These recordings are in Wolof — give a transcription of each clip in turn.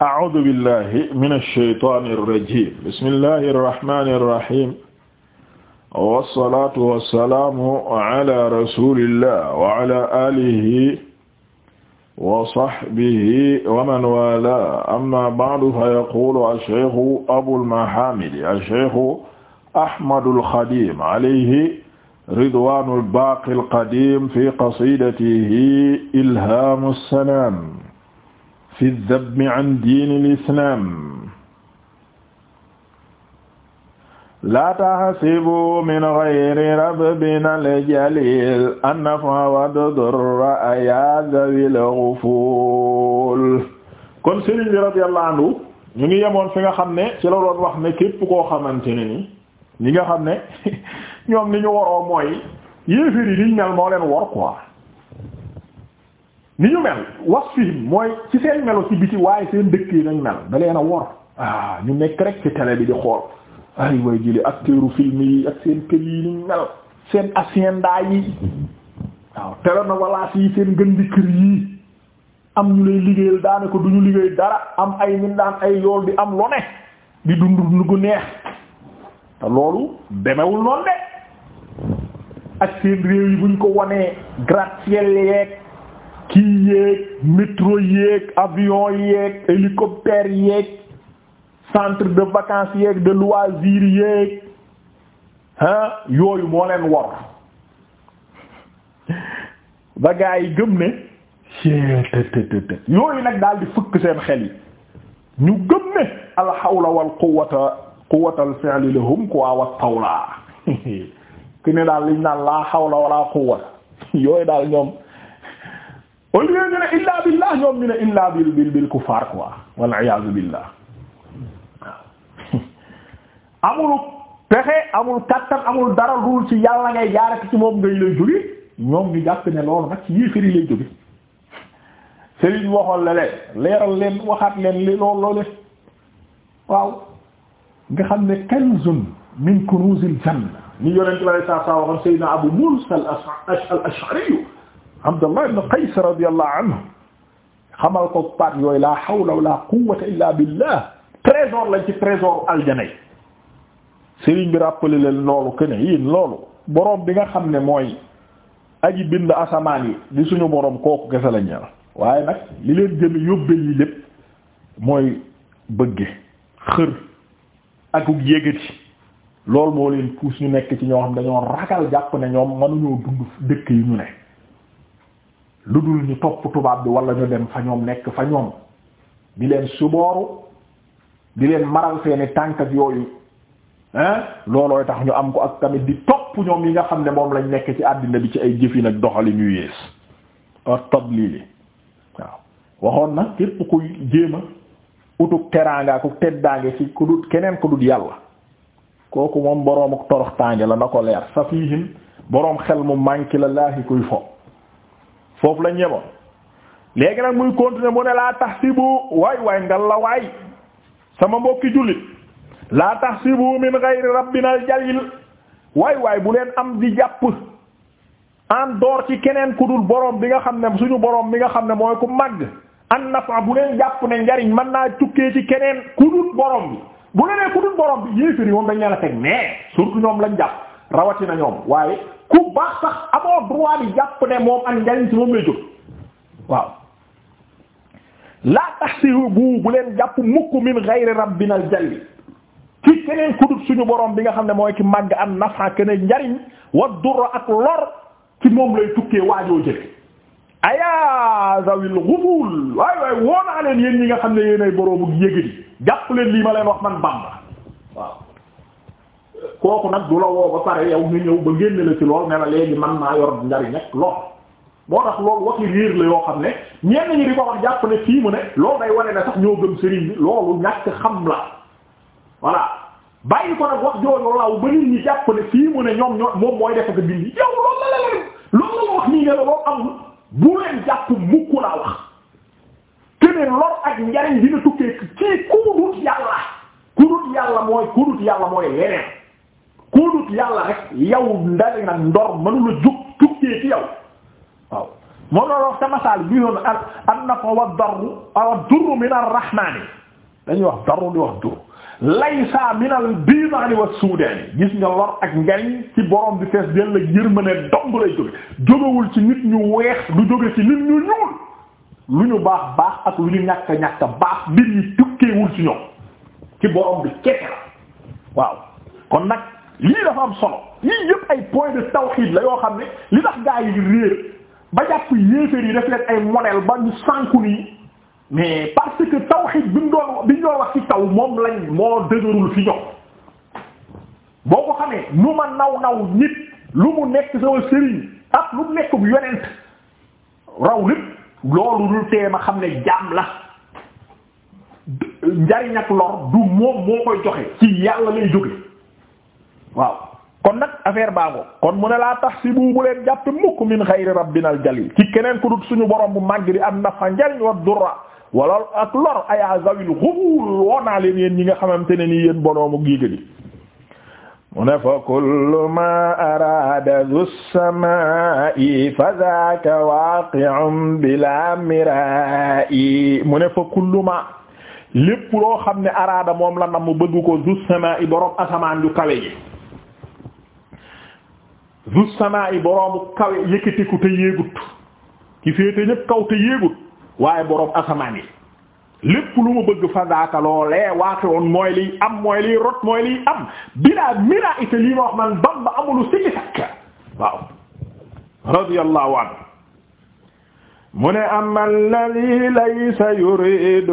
a'uuzu billahi mina shaytaani rajiim bismillahi rahmaani rahiim wassalaatu wassalaamu ala rasuulillah wa ala aalihi wa sahbihi wa man waalaahu amma ba'du fa yaquulu ash-shaykhu abul mahaamid ash-shaykhu ahmadul xadiim alayhi ridwaanul baaqil qadiim fi qasiidatihi ilhaamus salaam fi dabbi am diinil islaam laa tahsibu min ghayri rabbin al-jaliil an-naf'a wad-darra yaa dhawil ghufuul kon Sëriñ bi radiyallahu anhu ñu ngi yemoon fi nga xam ne ci la doon wax ne képp koo xamante ne ni ñi nga xam ne ñoom ni ñu waroo mooy yéeféer yi liñ mel moo leen war quoi ni ñu mel wasfihim mooy ci seen melo ci biti waaye seen dëkk yi nañ mel da a wor ah ñu nekk rek ci télé bi di xool ay way jële acteuru film yi ak seen kër yi niñ mel seen hacienda yi waaw telenovelas yi seen gën di kër yi am ñu lay liggéeyal daanaka du ñu liggéey dara am ay min ay yool di am lu di dund lu gu neex te loolu demewul noonu de ak seen réew yi buñ ko wanee gratte yeek kii yéeg métro yéeg avion yéeg hélicoptère yéeg centre de vacances yéeg de loisir yéeg ah yooyu moo leen war ba yi gëm ne cttt yooyu nag daal di fëkk seen xel yi ñu gëm ne al hawla wal quwwata quwwatal fi'li lahum ku wat tawla ki ne daal liñ naan la hawla wala quwwata yooyu daal ñoom au lieu ñu ne illa billah ñoom ñu ne illa bil bil bil kufaar quoi wal iyaazu billah amul pexe amul kattan amul dara dul ci yàlla ngay jaarati ci moom ngay lay jóge ñoom ñu jàpp ne loolu nag ci yéeféri lay jóge Serigne waxoon la leen leeral leen waxaat leen li loolu loolu waaw nga xam ne kanzun min kunuzil janna ni yonent bi sallallahu alayhi wa sallam waxoon Sayyidina Abu Musa al-Ash'ari Abdullah ibn Qays radiyallahu anhu xamal ko pat yooyu la hawla laa quwwata illa billah trésor lañ ci trésor aljana yi sëriñ bi rappelé leen loolu que ne yéen loolu boroom bi nga xam ne mooy aji bind asamaan yi di suñu boroom kooku gese la ñeel waaye nag li leen gën a yóbbe yi lépp mooy bëgge xër akuk yëgati loolu moo leen pousse ñu nekk ci ñoo xam dañoo ragal jàpp ne ñoom mënuñoo dund dëkk yi ñu ne lu dul ñu topp tubaab bi walla ñu dem fa ñoom nekk fa ñoom di leen subooru di leen maral seeni tànk yooyu hein loolooy tax ñu am ko ak tamit di topp ñoom yi nga xam ne moom lañ nekk ci àddina bi ci ay jëfin ak doxali ñu yées ak tablili waaw waxoon na képp kuy jéema utuk teraanga ak ci ku dut keneen ku dut yàlla kooku moom boroom ak la na ko leer safihim boroom xel mu manki la laahi kuy fo foofu la ñemoon léegi nag muy continuer mu ne laa tax tahsibu waay waay ngal la waay sama mbokki jullit laa tax tahsibu min ghayri rabbinal jalil waay waay bu leen am di jàpp en door ci keneen ku boroom bi nga xam ne suñu borom bi nga xam ne mooy ku màgg an nafa bu leen jàpp ne njariñ man naa tukkee ci keneen ku dul borom bi bu leneen ku dul borom bi yéeféri moom dañ leen a teg mais surtout ñoom lañ jàpp rawatina ñoom waaye ku baax sax amoo droit bi ne moom ak njariñ ci moom lay jóg waaw laa tahsibu bu bu leen jàpp mukk min ghayri rabbinal jalli ci keneen kudut suñu borom bi nga xam ne mooy ki màgg am nafa keneen njariñ wa durra ak lor ci moom lay tukkee waajoo jële ayaa zawil ghuful waay waay woo naa leen ñi nga xam ne yéenay boroomu yëgëdi jàpp leen lii ma leen wax man Bamba waaw kooku nag du la woo ba pare yow nga ñëw ba génne la ci lool ne la léegi man naa yor njariñ nag lool moo tax loolu waxi riir la yoo xam ne ñenn ñi di ko wax jàpp ne fii mu ne loolu day wane ñoo gëm sëriñ bi loolu ñàkk xam la voilà bàyyi ko nag wax jooju law ba nit ñi jàpp ne fii mu ne ñoom ñoo moom mooy def ak bind yow loolu la la loolu la wax nii ne loolu amul bu leen jàpp mukk laa wax te ne lor ak njariñ dina tukkee ci ku dut yàlla ku mooy ku dut mooy leneen. ku dut yàlla rek yow ndari nag ndor mënula jug tukkee ci yow waaw moom loolu wax tamasaal bi yoon al an nafa wa darru awa durru min ar-rahmaani dañuy wax darru di wax dur laysa min al-biidaani wa suudaani gis nga lor ak njariñ ci borom bi fees dell ak yërmande dong lay jóge jógewul ci nit ñu weex du jóge ci nit ñu ñuul lu ñu baax baax ak lu ñu ñàkk ñàkk baax mbir yi tukkeewul ci ñoom ci borom bi kese waaw kon nag lii dafa am solo lii yëpp ay point de tawhid la yoo xam ne li tax gaa yi réer ba jàpp yéeféer yi def leen ay modèle ba ñu sànku nii mais parce que tawhid bi ñu doon bi ñu wax ci taw moom lañ moo dëgërul fi jox boo ko xamee nu ma naw naw nit lu mu nekk sama sëriñ ak lu mu nekk bu yonent raw lépp loolu dul tee ma xam ne jaam la njariñ ak lor du moom moo koy joxe ci yàlla lay jóge waaw kon nag affaire baago kon mu ne laa tax si bu bu leen jàppe mukk min xayri rabbinal jalil ci ku dut suñu borom bu màgg bi am nafa njariñ wa durra ak lor ayaa zawil xubul woonaa leen yéen ñi nga xamante ne nii yéen bonoomu giigadi mu ne fa kullu ma araada zu samaa'i fa zaaka waaqi'un bila lépp loo xam ne araada moom la nam bëgg ko zu samaa'i borom asamaan ju kawe zu sanaa yi boroomu kawe yëkkatiku te yéegut ki féete ñépp kaw te yéegut waaye boroom asamaan yi lépp lu ma bëgg fa daaka loolee waate woon mooy liy am mooy liy rot mooy liy am bilaa mira ita lii ma wax man Bamba amulu sikki sakk waaw radiyallahu anhu mu ne amma alladi laysa yuridu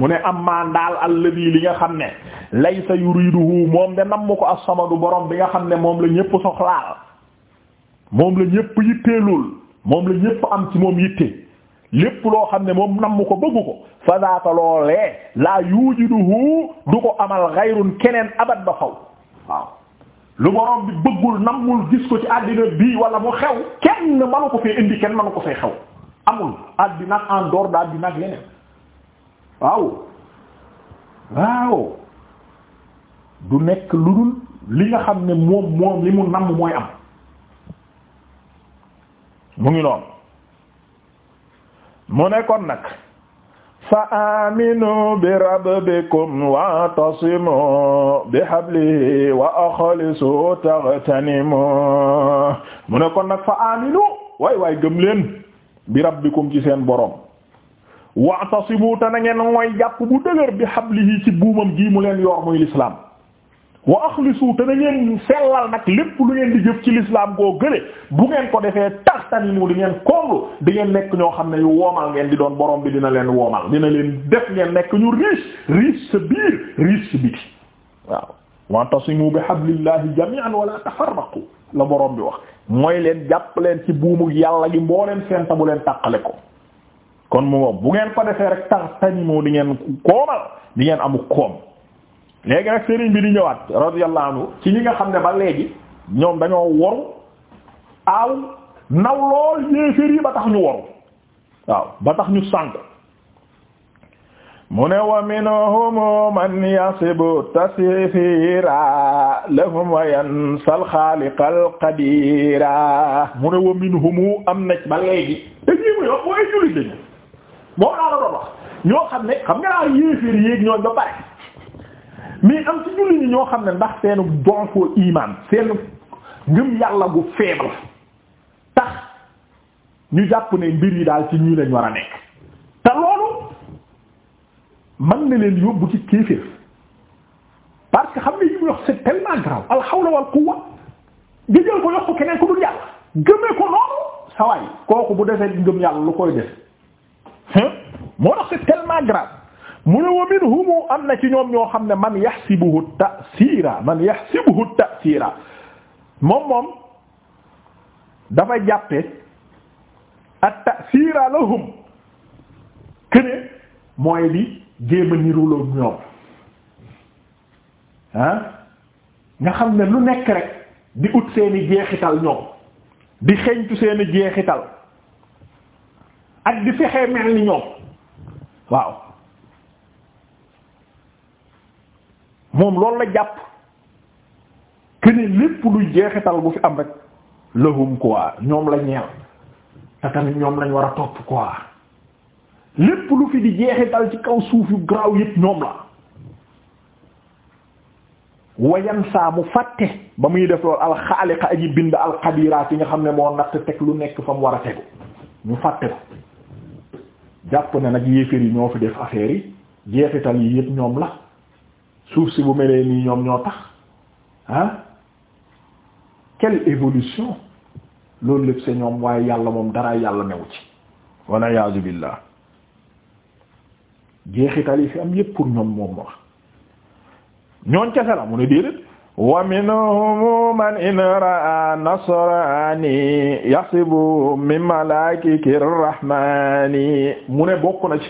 mu ne amma ndaal alladi li nga xam ne laysa yuriduhu moom de nam mu ko as borom bi nga xam ne moom la ñépp soxlaal moom la ñépp yitteelul moom la ñépp am ci moom yitte lépp loo xam ne moom nam ko bëggu ko fa daaka loolee la yujiduhu du ko amal ghayrun keneen abad ba faw waaw lu borom bi bëggul nammul gis ko ci àddina bii wala mu xew kenn manu ko fee indi kenn manu ko fee xew amul àddina ak en dehors d'àddina ak leneen waaw waaw du nekk lu dul li nga xam ne moom moom li mu namm mooy am mu ngi noonu mu nekkoon nag fa aminu bi rabbikum wa'tasimu bi hablihi wa akhlisu taghtanimu mu ne kon nag fa aminu waay waay gëm leen bi rabbikum ci seen borom wa'tasimu te na ngeen mooy jàpp bu dëgër bi hablihi ci buumam gii mu leen yor muy l'islam wa axlisu te na ngeen sellal nag lépp lu ngeen di jëf ci lislaam koo gële bu ngeen ko defee tax tanimu di ngeen koomlu di ngeen nekk ñoo xam ne yu woomal ngeen di doon borom bi dina leen woomal dina leen def ngeen nekk ñu riche riche sa biir riche sa biti waaw wa'tasimu bi hablillahi jami'an wala tafarraqu la borom bi wax mooy leen jàpp leen ci buumu yàlla gi mbooleen seen ta bu leen tàqale ko kon mu bu ngeen ko defee rek tax tanimu di ngeen ko di ngeen amu koom léegi nag sëriñ bi di ñëwaat radiyallahu anhu ci ñi nga xam ne ba léegi ñoom dañoo waru aaw naw lool yéeféer yi ba tax ñu waru waaw ba tax ñu sànk mu ne wa man yasibu tasifira lahum wa yansal xaaliqal qadira mu ne wa minhum am na ba léegi te ñii mu yo mooy jullit lañu moo naa la wax ñoo xam ne xam nga naa yéeféer yéeg ñooñ ba pare mais am ci julli ñi ñoo xam ne ndax seenu donfoo iman seen ngëm yàlla gu faible tax ñu jàpp ne mbir yi daal ci ñii lañ war a nekk te loolu mën na leen yóbbu ci kéeféer parce que xam ne yi mu yox c'est tellement grave alxawla wal quwwa ko yox ko keneen ko dul yàlla gëmee ko noonu sawaay kooku bu defee ngëm yàlla lu koy def moo tax c'est tellement mu ne wa minhum am na ci ñoom ñoo xam ne man yaxsibuhu ta'siira man yaxsibuhu ta'siira moom moom dafa jàppe at ta'siira lahum këne mooy li jéem a niruloon ñoom ah nga xam ne lu nekk rek di ut seeni jeexital ñoom di xeeñtu seeni jeexital ak di fexee mel ni ñoom waaw moom loolu la jàpp que ne lépp luy jeexital bu fi am rek lahum quoi ñoom la ñeel te tamit ñoom lañ war a topp quoi lépp lu fi di jeexital ci kaw suuf yu garaaw yépp ñoom la wayan saa mu fàtte ba muy def loolu alxaaliqa aji bind alxadiraat yi nga xam ne moo natt teg lu nekk fa mu war a tegu ñu fàtte ko jàpp ne nag yéeféer yi ñoo fi def affaire yi jeexital yi yépp ñoom la suuf si bu melee nii ñoom ñoo tax ah quelle évolution loolu lépp c'est ñoom waaye yàlla moom dara yàlla newu ci walla yaazu billah jeexital yi fi am yépp pour ñoom moom wax ñooñ kese la mu ne déedéet wa minhum man in raa nasraani yasibu min malaakikir rahmaani mu ne bokk na ci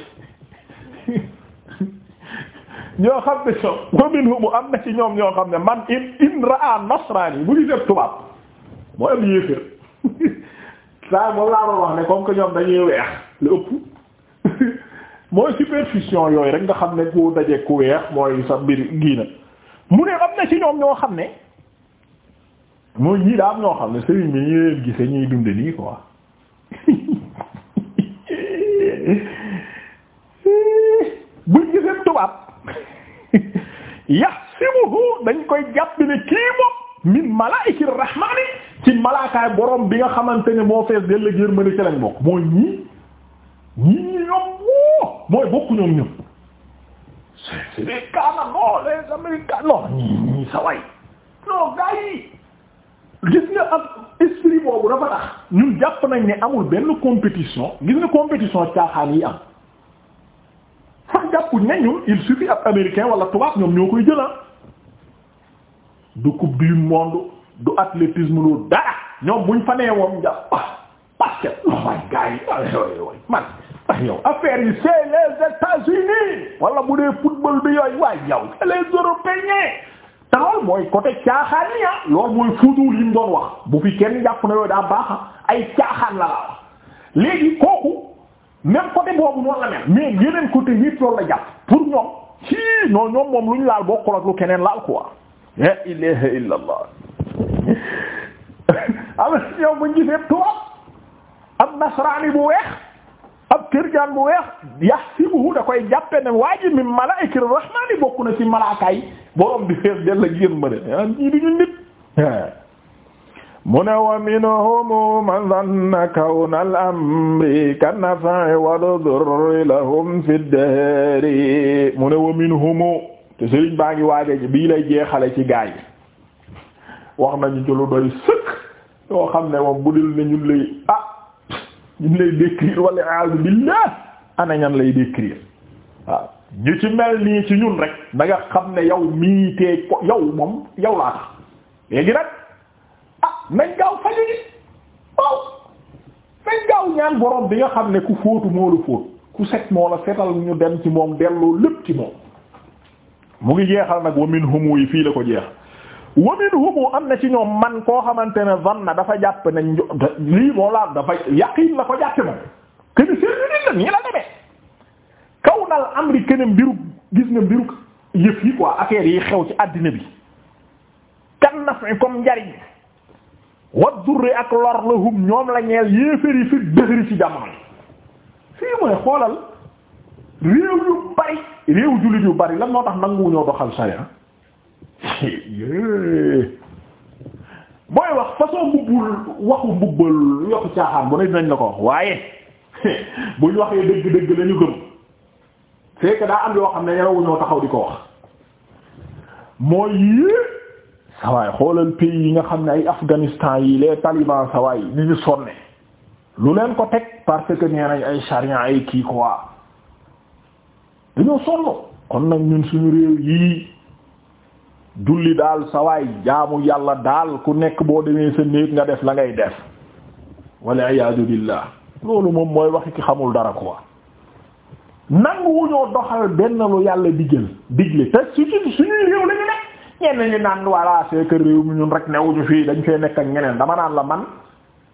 ñoo xam ne so wa minhum am na ci ñoom ñoo xam ne man in in ra'a nasrani bu ñu def tubaab mooy am yéeféer saa moom laa doon wax ne comme que ñoom dañuy weex lu ëpp mooy superstition yooyu rek nga xam ne ku daje ku weex mooy sa mbir gii na mu ne am na ci ñoom ñoo xam ne mooy ñii daa am ñoo xam ne sëriñ bi ñu leen gise ñuy dunde nii quoi buñ gisee tubaab yahsibuhu dañ koy jàpp ne kii moom min rahmaani ci malaakaay borom bi nga xamante ne moo fees dell ak yërmande bokk mooy ñii ñii ñi ñoom woo mooy bokku ñoom ñoom c'est des Canadiens non les Américains non ñii ñii sa way non gars yi gis nga am esprit boobu dafa tax ñun jàpp nañ ni amul benn compétition gis nga compétition caaxaan yi am kon jàppuñ ne ñun il suffit américain wala tubaab ñoom ñoo koy jëla ah. du coupe du monde du athlétisme lu dara ñoom buñ fa nee woon jàpp ah, basket waay gars yi waay man yow affaire yi c'est États-Unis wala bu dee football bi yooyu waay yow c'est les Européens te loolu mooy côté caaxaan yi ah loolu mooy fuutuwul yi doon wax bu fi kenn jàpp na yooyu daa baax ah. ay caaxaan la la wax kooku même côté boobu noonu la mel mais yeneen côté yëpp loolu la jàpp pour ñoom ci non ñoom moom lu laal bokkul lu keneen laal quoi la ilaha illa allah ama ñow buñ gisee toog ab nasraani bu weex ab kërjaan bu weex yahsibuhu da koy jàppe ne waa ji min malaa'ikir rahmaani bokk na ci malaakaay borom bi fees della gën më ne ñii duñu nit mu ne wa minhum man zanna kawna al-amri ka-naf'i wad-durri lahum fi ad-dahri mu ne wa minhum te sëriñ baa ngi waaja bii lay jeexale ci gaay wax nañu ci doy sëkk yoo xam ne moom bu dul ne ñun lay ah ñun lay décrire walla a'uuzu lay décrire waaw ñu ci mel nii ci ñun rek da xam ne yow mii tee ko moom yow laa tax léegi nag nañ gaaw faju ji waaw nañ gaaw ñaan borom bi nga xam ne ku fóotu moo la fóot ku set moo la setal ñu dem ci moom delloo lépp ci moom mu ngi jeexal nag wamin humu yi fii la ko jeex wamin am na ci ñoom man koo xamante ne zanna dafa jàpp ne lii moo laa dafa yaqiin la ko jàppe moom këni seen nit la nii la demee kaw nal amri këni mbiru gis na mbiru yëf yi quoi affaire yi xew ci àddina bi kan nafi comme njariñ wat durre ak lor la hum ñoom la ñeel yéeféri fi dëxëri ci jamono fii mooy xoolal réew yu bari réew jullit yu bari lan moo tax nanguwu ñoo doxal sharia mooy wax façon mbubbul waxu mbubbal yokku caaxaan bu ne dinañ la ko wax waaye buñ waxee dëgg-dëgg lañu gëm c'est daa am yoo xam ne yarawuñoo taxaw di ko wax mooy sawaay xoolal pays yi nga xam ne ay Afghanistan yi les talibans sawaay ni ñu sonne lu leen ko teg parce que nee nañ ay charia ay kii quoi dañoo sonn kon nag ñun suñu réew yii julli daal sawaay jaamu yàlla daal ku nekk boo demee sa néeg nga def la ngay def walla iyaadu billah loolu moom mooy waxi ki xamul dara quoi nanguwu ñoo doxal benn lu yàlla digal digle te su suñuy réew lañu nekk ñenn ñu naan voilà c'est que réew mi ñun rek newuñu fii dañ fee nekk ak ñeneen dama naan la man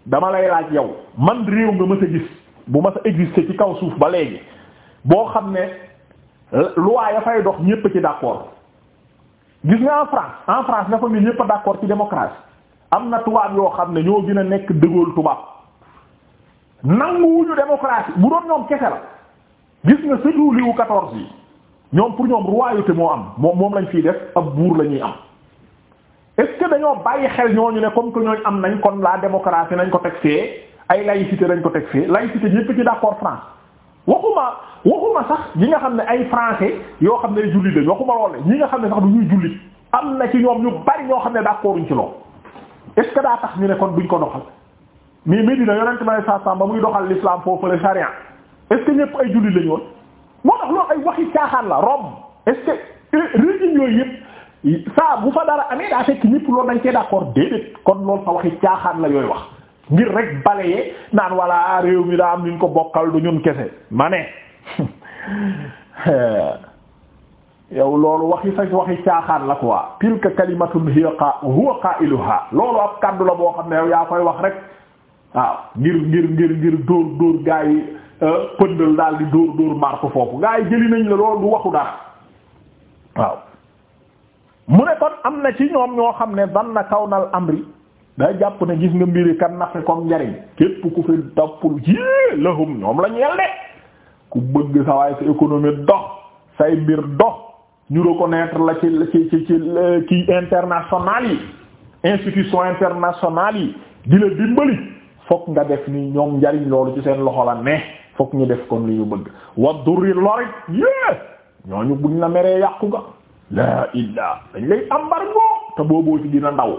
dama lay laaj yow man réew nga mës a gis bu mës a exister ci kaw suuf ba léegi boo xam ne loi ya fay dox ñépp ci d'accord gis nga en France en France nga fa mi ñépp d'accord ci démocratie am na tubaab yoo xam ne ñoo gën a nekk dëggool tubaab nanguwuñu démocratie bu doon ñoom kese la gis nga surtout liwu 14 yi. ñoom pour ñoom royauté moo am moom moom lañ fiy def ab buur la ñuy am est-ce que dañoo bàyyi xel ñooñu ne comme que ñooñu am nañ kon laa démocratie nañ ko teg fee ay laïcité nañ ko teg fee laïcité ñépp ci d'accord France waxuma waxuma sax ñi nga xam ne ay français yoo xam ne ay jullit lañ waxuma lool ñi nga xam ne sax du ñuy jullit am na ci ñoom ñu bari ñoo xam ne d'accorduñ ci loolu est-ce que daa tax ñu ne kon duñ ko doxal mais Medina yonent bi sallallahu alayhi ba muy doxal l'islam foofu la charia est-ce que ay jullit lañ woon moo tax loolu ay waxi caaxaan la rob est-ce que régions yooyu yëpp saa bu fa dara amee daa fekk ñëpp loolu dañ cee d'accord déedéet kon loolu sa waxi caaxaan la yooyu wax ngir rek balayee naan walla réew mi daa am ñu ko bokkal du ñun kese ma ne yow loolu waxi sa waxi caaxaan la quoi tilka kalimatun hiya huwa qailuha loolu ab kaddu la boo xam ne yow yaa koy wax rek waaw ngir ngir ngir ngir dóor dóor gaa yi Euh, pëndal daal di dóor dóor marto foofu gaa yi jëli nañ la loolu du waxu dara waaw mu ne kon am na ci ñoom ñoo xam ne dan na kaw nal amri day jàpp ne gis nga mbiri kan nafe comme njariñ képp ku fi toppul ci lahum ñoom lañu ñeel de ku bëgg sa waaye sa économie dox say mbir dox ñu reconnaître la ci ci ci ci ci international yi institution internationale yi di la dimbali fokk nga def ni ñoom njariñ loolu ci seen loxo la ne fokk ñu def kon li ñu bëgg wa durri lorit yée ñooñu buñ la meree yàqu nga laa illaa dañ lay embargo te booboo ci dina ndaw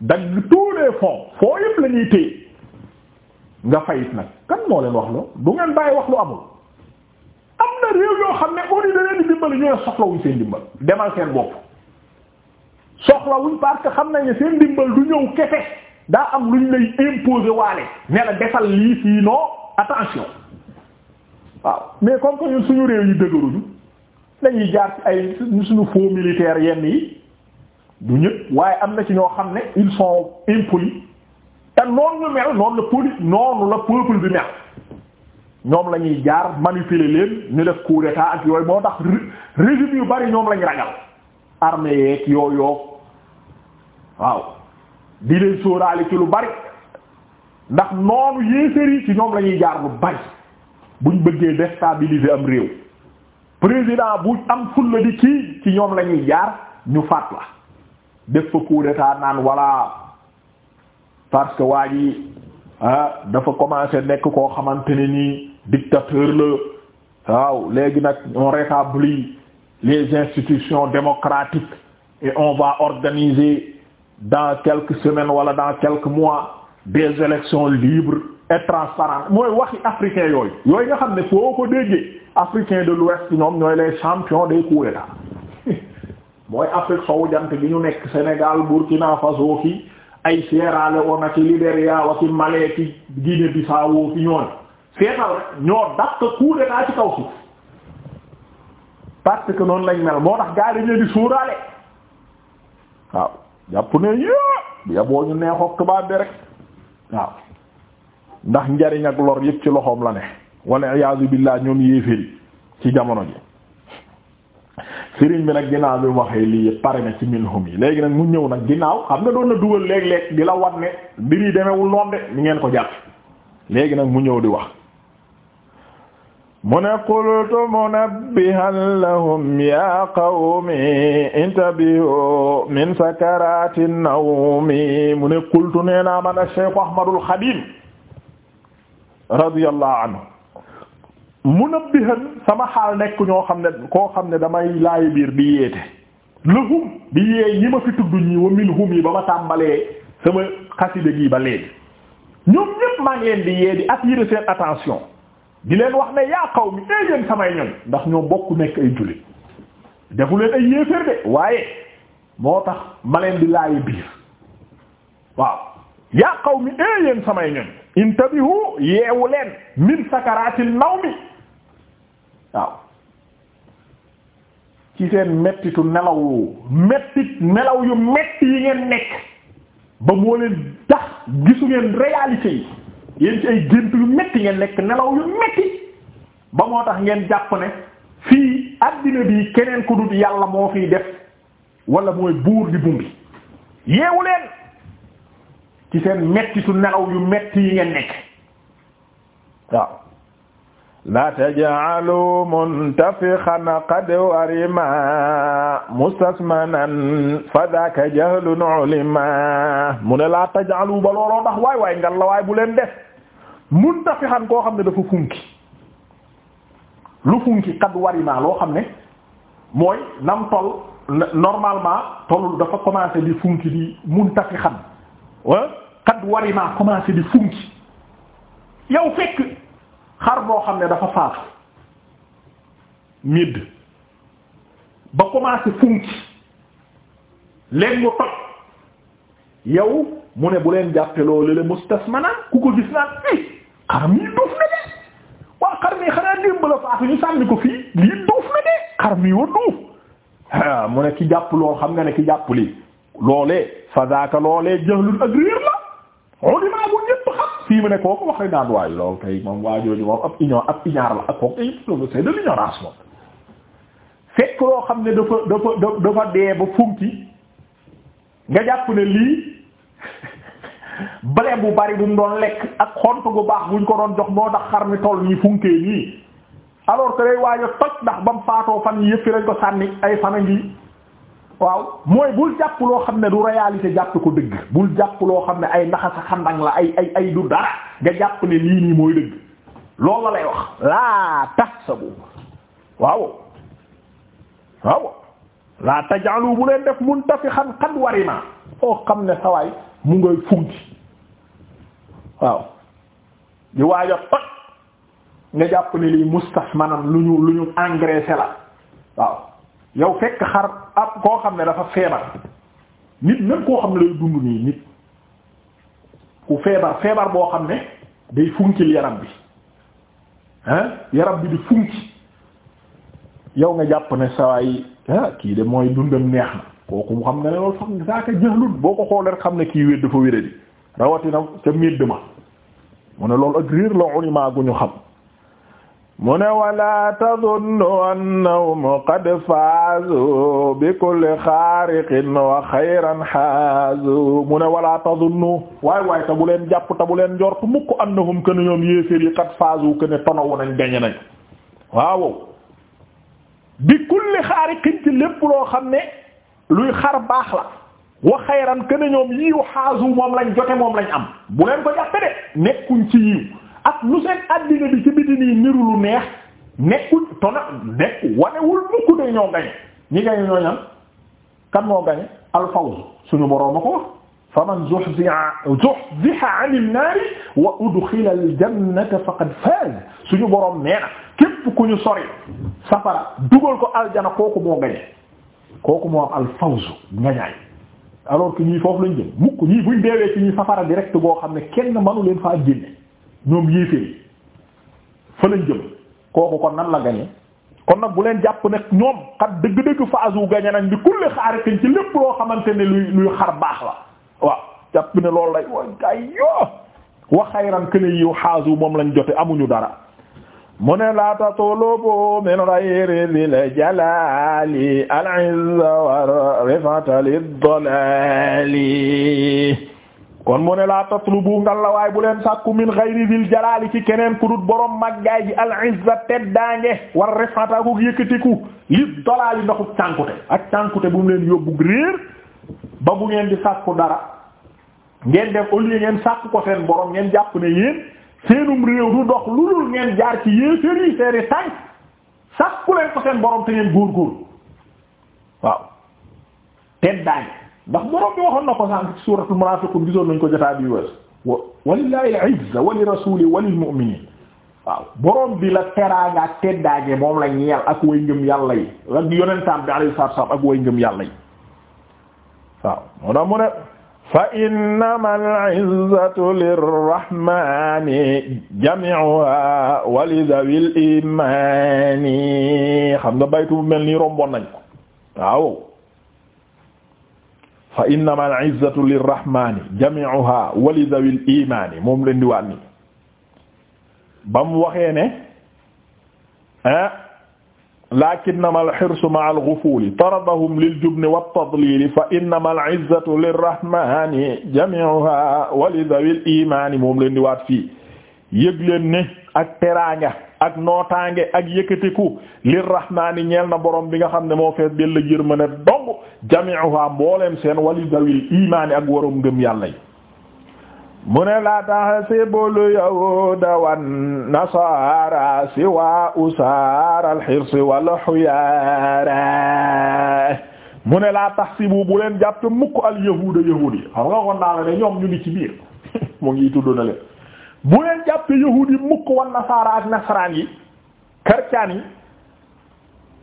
dagg tous les foo yëpp la ñuy nga fayit nag kan moo leen wax loo du ngeen bàyyi wax lu amul am na réew yoo xam ne au lieu da leen di dimbali ñoo soxlawuñ seen dimbal demal seen bopp soxlawuñ parce que xam nañ ne seen dimbal du ñëw kese daa am luñ lay imposer waale la defal lii fii non attention waaw mais comme que ñun suñu réew yi dëgëruñu dañuy jaar ci ay suñu faux militaires yenn yi du ñëpp waaye am na ci ñoo xam ne il sont impolis te noonu ñu mel noonu la poli noonu la peuple bi mel ñoom lañuy ñuy jaar manipuler leen ñu def coup d'état ak yooyu moo tax régime yu bari ñoom lañ ragal armée yeeg yooyu waaw di leen sóoraale ci lu bari ndax noonu yéeféer ci ñoom la ñuy jaar lu bari buñ bëggee déstabiliser am réew président bu am fulla di kii ci ñoom lañuy ñuy jaar ñu faat la def fa coup d'état naan parce que waa ji ah dafa commencé nekk koo xamante ne nii dictateur la waaw léegi nag on rétablit les institutions démocratiques et on va organiser dans quelques semaine wala dans quelque mois des élections libres et transparentes mooy waxi africain yooyu yooyu nga xam ne foo ko déggee africain de l'ouest ñoom ñooy les champions des coups d'état mooy Afrique sowu jant gi ñu nekk senegal Burkina Faso ki ay Sierra Leone ci Libéria wa ci Mali ci Guinée-Bissau fi ñooñu seetal ñoo dakk coup d'état ci kaw suuf parce que noonu lañ mel moo tax gars yi dañu suuraale waaw jàpp ne yépp yaboo ñu neexook tubaab bi rek waaw ndax njariñ ak lor yëpp ci loxoom la ne walla iyaazu billaah ñoom yéeféri ci jamono ji sëriñ bi nag ginnaaw bi waxee lii pare na ci minhum yi léegi nag mu ñëw nag ginnaaw xam nga doon na dugal léeg-léeg di la wan ne mbir yi demewul noon de ni ngeen ko jàpp léegi nag mu ñëw di wax mu ne qultu munabbihan lahum ya qawmi intabihu min sakarati nawmi mu ne qultu nee naa man a Cheikh Ahmadul Khadim radiyallahu anhu munabbihan sama xaal nekk ñoo xam ne koo xam ne damay laayi biir bi yeete lahum bi yeey ñi ma fi tudd ñi wa minhum yi ba ma tàmbalee sama xasida gi ba léegi ñoom ñépp maa ngi leen di yee di seen attention di leen wax ne yaa xaw mi eh yéen samay ñoñ ndax ñoo bokk nekk ay jullit defu leen ay yéeféer de waaye moo tax ma leen di laayi biir waaw yaa qawmi ee eh yéen samay ñoñ intabihu yeewu leen min sakaraati nawmi waaw ci seen mettitu nelaw mettit nelaw yu metti yi ngeen nekk ba moo leen tax gisu ngeen réalité yi yéen ci ay gént yu metti ngeen nekk nelaw yu metti ba moo tax ngeen jàpp ne fii àddina bi keneen ku dul yàlla moo fiy def wala mooy buur di bumbi yeewu leen ci seen mettitu nelaw yu metti yi ngeen nekk waaw la taj'alu muntafixan qad warima mustasmanan fa dhaka jahlun ulima mu ne la taj'alu ba looloo waay waay ngal la waay bu def muntafixan koo xam ne dafa funki lu funki qad warima loo xam ne mooy nam tol normalement tolul dafa commencé di funki di muntafixan qad warima commencé di funki yow fekk xar boo xam ne dafa faatu midd ba commencé funki leen mu toj yow mu ne bu leen jàppe loolu le mustasmana ku ko gis naan ay eh, xaram yi duuf na de waa xar mi xanaa démb la faatu ñu sànni fii lii duuf na de xar mi wa duuf a ah, mu ne ki jàpp lool xam nga ne ki jàpp lii loolee fa daaka loolee jahlun ak réer la fii mu ne kooku wax naan waaye loolu kay moom waa jooju moom ab union ab iñaar la ak kooku ay loolu c'est de l'ignorance moom fekk loo xam ne dafa dafa dafa dee ba funki nga jàpp ne lii bale bu bari bu mu doon lekk ak xont bu baax buñ ko doon jox moo tax xar mi toll nii funkee nii alors que day waajo toj ndax ba faatoo fan yëpp lañ sànni ay fan a ngi waaw mooy bul jàpp loo xam ne du réalité jàpp ko dëgg bul jàpp loo xam ne ay naxasa xandang la ay ay ay du dara nga jàpp ne lii nii mooy dëgg loolu lay wax laa tahsabu waaw waaw laa tajaalu bu leen def muntafixan xad warima foo xam ne sawaay mu ngay funki waaw di waaja toj nga jàpp ne lii mustahmanan lu ñu lu ñu engraissé la waaw yow fekk xar ab koo xam ne dafa feebar nit même koo xam ne lay dund nii nit ku feebar feebar boo xam ne day funkil yaram bi hein yaram bi di funki yow nga jàpp ne sawaay ah kii mooy dundam neex na xam nga ne loolu boo ko xoolee xam ne kii wér dafa wéradi rawatina ca midd ma mu ne loolu ak réer la ulama gu xam mu ne wala tadunnu annahum qad faazu bi kulli xaariqin wa xayran xaazu mu ne wala tadunnu waay waay ta bu leen jàpp ta bu leen njort mukk annahum kën ñoom yéeféer yi qad faazu kën tonawu nañ gañe nañ waaw bi kulli xaariqin ci lépp loo xam ne luy xar baax la wa xayran kën ñoom yiiw xaazu moom lañ jote moom lañ am bu leen ko jàppe de nekkuñ ci yiiw ak lu seen addina bi ci biti niru lu neex nekkul tona nekk wanewul mukk ne ñoo gañe ñi gañe ñoo ñan kan moo gañe alfawz suñu boroom a ko wax faman zuhziha zuhziha 'anil naari wa udxila al suñu boroom nee na ku ñu sori safara dugal ko aljana kooku moo kooku moo am alfawzu ngañaay alors que ñii foofu lañ jëm mukk ñii buñ deewee ci ñii safara direct boo xam ne kenn mënu leen faa génne ñoom yéefee fa lañ jëm kooku kon nan la gañe kon nag bu leen jàpp nag ñoom xat dëgg-dëgg phase gañe nañ bi kulli xaaritin ci lépp loo xamante ni luy luy xar baax la waaw jàpp ne loolu lay wa gay yo wa xayran kue yiw xaasu moom lañ jote amuñu dara mu ne la tatulubu min ghayri dhil jalali al izza rifata lid dalali kon mu ne laa tatlubu ngal la waaye bu leen sàkku min ghayri dil jalaali ci keneen ku dut borom màggaay ji al izza teddaange war rifata ku yëkkatiku li dolaali ndaxu cànkute ak cànkute bu mu leen yóbbu réer ba bu ngeen di sàkku dara ngeen def au lieu ngeen sàkku ko seen borom ngeen jàpp ne yéen seenum réew du ndox lu dul ngeen jaar ci yéeféer yi seeni tànk sàkku leen ko seen borom te ngeen góorgóorlu waaw teddaange ndax borom bi waxoon na ko sànq ci suuratul munaafiqun gisoon nañ ko jotaay bi wees wa walillahi al-izza wa li rasuli wa lil mu'minin waaw borom bi la teraanga ak teddaage moom la ñeel ak way ngëm yàlla yi ak yonentam bi alayhi salaatu wa salaam ak way ngëm yàlla yi waaw moo tax mu ne fa innama al-izzatu lirrahmani jami'uha wa li dhawil imani xam nga baytu bu mel nii romboon nañ ko waaw fa innama al-izzatu lirrahmani jami'uha wa li dhawil imani moom leen di waat ni ba mu waxee ne ah lakinnama al-hirsu ma'a al-ghufuli taradahum liljubni wat-tadlili fa innama al-izzatu lirrahmani jami'uha wa li dhawil imani moom leen di waat fii yëg leen ne ak teraanga ak nootaange ak yëkkatiku lirrahmani ñeel na borom bi nga xam ne moo fees dell jërmane dong ko jami'uha mbooleem seen wali dawil ak waroom ngëm yàlla yi mu ne la tahsibul yahuda wan nasara siwa usaar al hirsi wal huyara mu ne la tahsibu bu leen jàpp mukk al yahuda yahudi xam nga kon la ne ñoom ñu ngi ci biir mu ngi tudd na leen bu leen jàpp yahudi mukk wan nasara ak nasaraan yi karcaan yi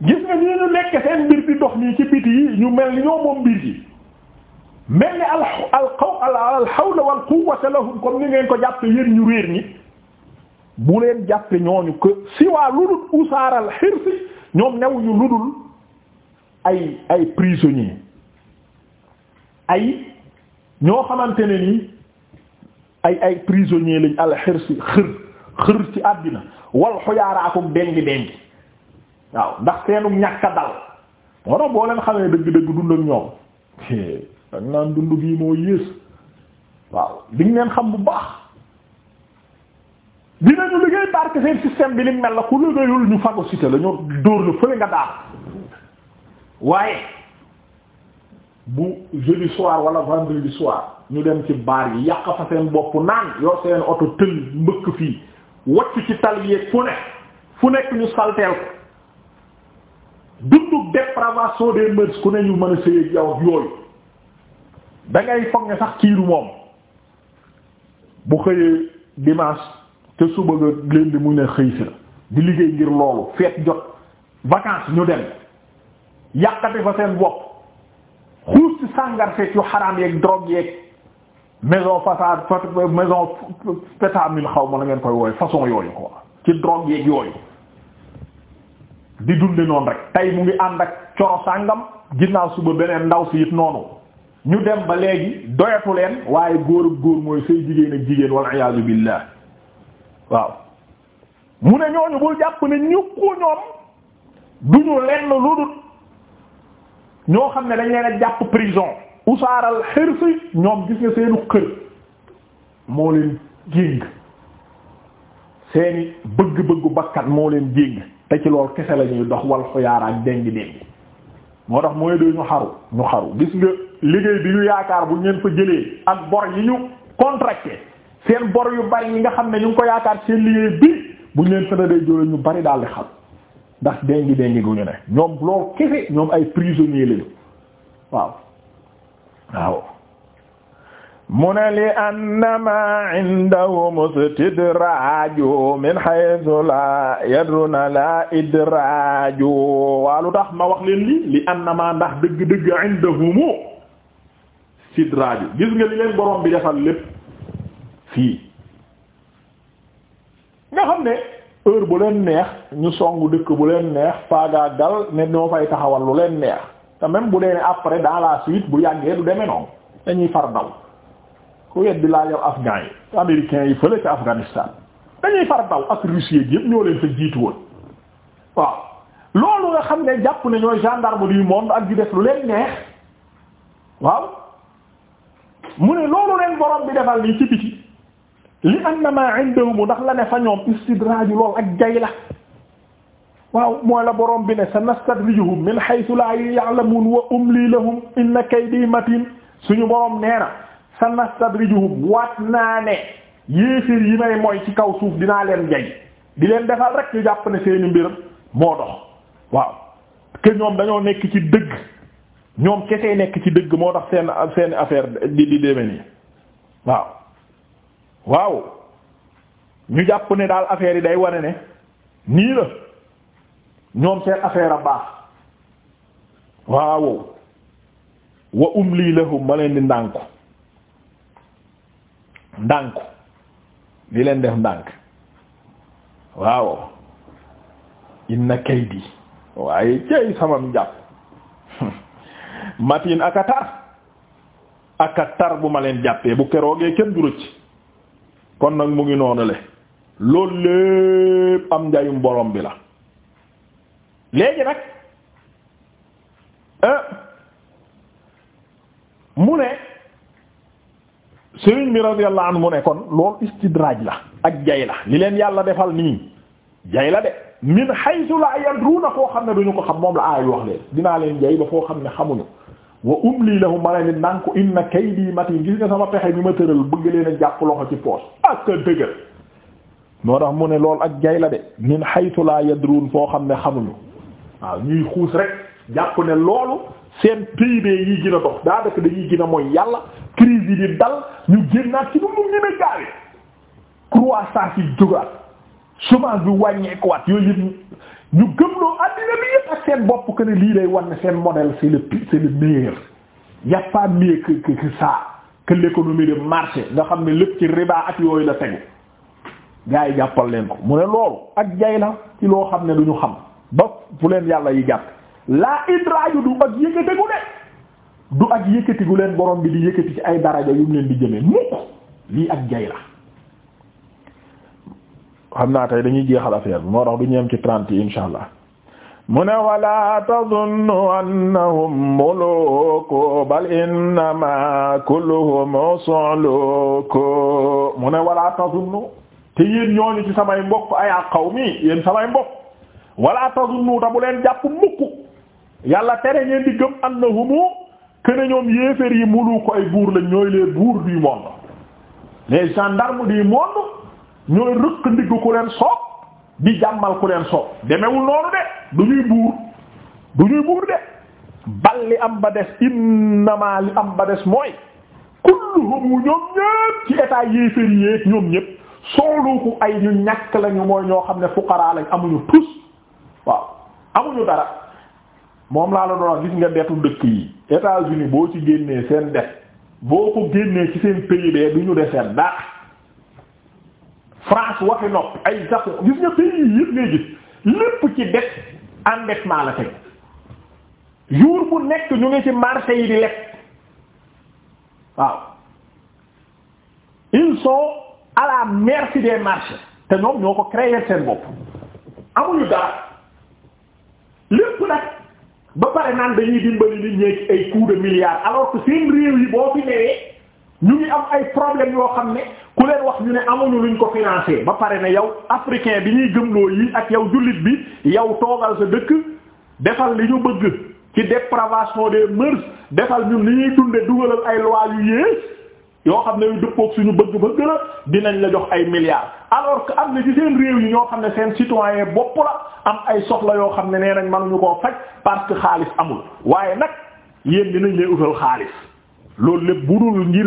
gis nga nii ñu nekk seen mbir di dox nii ci biti yi ñu mel ni ñoo moom mbir yi mel ni al al al al hawl wal quwwata lahum ni ngeen ko jàppe yéen ñu réer ñi bu leen jàppe ñooñu que si waa ludul usaaral xirsi ñoom newuñu ludul ay ay prisonniers ay ñoo xamante ne nii ay ay prisonniers lañ al xirsi xër xër ci àddina wal xuyaaraa ko dengi dengi waaw ndax seenu ñàkk a dal moo tax boo leen xamee dëgg-dëgg dund ak ñoom danga naan dund gii moo yées waaw diñ leen xam bu baax dinañu liggéey barke seen système bi li mel la ku liggéeyul ñu phagocyté la ñu dóor la fële nga daal waaye bu jeudi soir wala vendredi soir ñu dem ci baar yi yàq fa seen bopp naan yor seen oto tël mbëkk fii wacc ci tal yeeg fu ne fu nekk ñu salteel dundug dépravation des mœurs ku ne ñu mën a séy yow yooyu da ngay foog ne sax kiiru moom bu xëyee dimanche te suba nga leen di mu ne xëy si la di liggéey ngir loolu feet jot vacances ñu dem yàqate fa seen bopp xuus ci sàngar feet yu xaraam yeeg drogue yeeg maison façade maison pétamil xaw ma la ngeen koy woowe façon yooyu quoi ci drogue yeeg yooyu di dunde noonu rek tey mu ngi ànd ak coro sàngam ginnaaw suba beneen ndaw si it noonu ñu dem ba léegi doyatu leen waaye góor ak góor mooy say jigéen ak jigéen wal iyaazu billaah waaw mu ne ñooñu bul jàpp ne ñu ko ñoom duñu lenn lu dul ñoo xam ne dañ leen a jàpp prison usaaral xërsi ñoom gis nga seenu xër moo leen jéng seeni bëgg-bëggu bakkat moo leen jéng te ci loolu kese la ñuy dox wal xuyaar ak dengi dengi moo tax mooy de ñu xaru ñu xaru gis nga liggéey bi ñu yaakaar bu ngeen fa jëlee ak bor yi ñu contracté seen bor yu bari yi nga xam ne ñu ngi ko yaakaar seen liggéey bi bu ngeen fa day jëlee ñu bari daal di xam ndax dengi dengi gu ñu ne ñoom loolu kese ñoom ay prisonniers lañu waaw waaw. mu ne li annama indahum istidraaju min haythu la yadruna la idraaju waalu ma bi defal lépp xam ne bu leen neex ñu songu dëkk bu leen neex faagaagal ne ñoo fay taxawal lu leen neex te même bu dee ne après dans suite bu yàggee du demee noonu dañuy far daw ku weddi laa yow afghans yi américains yi fële ca Afghanistan dañuy far daw ak Russie yëpp ñoo leen fa jiitu woon waaw loolu nga xam ne jàpp ne ñooy gendarme du monde ak di def lu leen neex waaw mu ne loolu leen borom bi defal nii ci biti li annama indahum ndax la ne fa ñoom istidraju lool ak jay la waaw mooy la borom bi ne sa nastadrijuhum min haythu la ya'lamun wa umli lahum inna kaydi matin suñu borom nee na sanastadrijuhum waat naa ne yéeféer yi may mooy ci kaw suuf dinaa leen jay di leen defal rek ñu jàpp ne seeni mbir moo dox waaw que ñoom dañoo nekk ci dëgg ñoom kesee nekk ci dëgg moo tax seen seen affaire di di demee nii waaw waaw ñu jàpp ne daal affaire yi day wane ne nii la ñoom seen affaire a baax waaw wa umli lahum ma leen di ndànku ndànk li leen def ndànk waaw inna kaydi waaye cey samam jàpp matin aka tar aka tar bu ma leen jàppee bu keroogee kenn du rëcc kon nag mu ngi noonu le loolu lépp am njayum borom bi la léegi nag eh, mu ne sëriñ bi radiyallahu anhu mu ne kon loolu istidraaj la ak jay la li leen yàlla defal nii jay la de min haythu la yadruna foo xam ne duñu ko xam moom la aay wax leen dinaa leen jay ba foo xam ne xamuñu wa umli ma leen naan ko inna kaydi matin gis nga bi ma tëral bëgg leen a jàpp loxo ci poos ak moo tax mu ne loolu ak jay la de min haythu foo xam ne xamuñu waaw ñuy xuus rek jàpp ne loolu seen péy yi gën a dox daa dëkk dañuy gën a mooy yàlla crise yi di dal ñu génnaat ci bu mu ñemee gaawee croissance yi jógaat chômage bi wàññeekuwaat yooyu yëpp ñu gëmloo àddina bi yëpp ak seen bopp que lii day wan ne seen modèle c'est le c'est le meilleur y a pas mieux que que ça de marché nga xam ne lépp ci riba ak yooyu la tegu gars yi jàppal leen ko mu ne loolu ak jay la ci loo xam ne du ñu xam ba fu leen yàlla yi jàpp laa idraaju du ak yënga degu ne du ak yëkkati gu leen borom bi di yëkkati ci ay daraja yu leen di jëmee mukk lii ak jay la xam naa tey dañuy jeexal affaire bi moo tax du ñeem ci trente yi insha allah mu ne wala tadunnu annahum muluku bal innama kulluhum suluku mu ne wala te yéen ñooñu ci samay mbokk ay qawmi yéen samay mbokk wala tadunnu ta bu leen jàpp mukk yàlla tere ngeen di gëm annahumu kene ñoom yéeféer yi mulu ko ay buur lañ ñooy les bourgs du monde les gendarmes du monde ñooy rëq ndigg ku leen soob di jàmmal ku leen soob demewul noonu de du ñuy buur du ñuy buur de bal li am ba des innama li am ba des mooy kulluhum ñoom ñépp ci état yéeféer yi yéeg ñoom ñépp soolu ko ay ñu ñàkk lañu mooy ñoo xam ne fuqaraa lañ amuñu tus waaw amuñu dara moom laa la doon gis nga detu dëkk yi États-Unis boo ci génnee seen det boo ko génnee ci seen PIB du ñu deseen daa France waxi nopp ay Japon gis nga pays yi yëpp ngay gis lépp ci det endettement la teg jour bu nekk ñu ngi ci marché yi di lekk waaw ils sont à la merci des marchés te ñoom ñoo ko créer seen bopp amuñu dara lépp nag ba pare naan dañuy dimbali nit ñeeg ay coups de milliards alors que seen réew yi boo fi newee ñu ngi am ay problèmes yoo xam ne ku leen wax ñu ne amuñu luñ ko financé ba pare ne yow africain bi ñuy gëmloo yi ak yow jullit bi yow toogal sa dëkk defal li ñu bëgg ci dépravation des mœurs defal ñu li ñuy dunde dugalal ay lois yu yées yoo xam ne yu dëppook suñu bëgg-bëgg la dinañ la jox ay milliards alors que am na ci seen réew yi ñoo xam ne seen citoyen bopp la am ay soxla yoo xam ne nee man mënuñu koo faj parce que xaalis amul waaye nag yéen dinañ lay utal xaalis loolu lépp budul ngir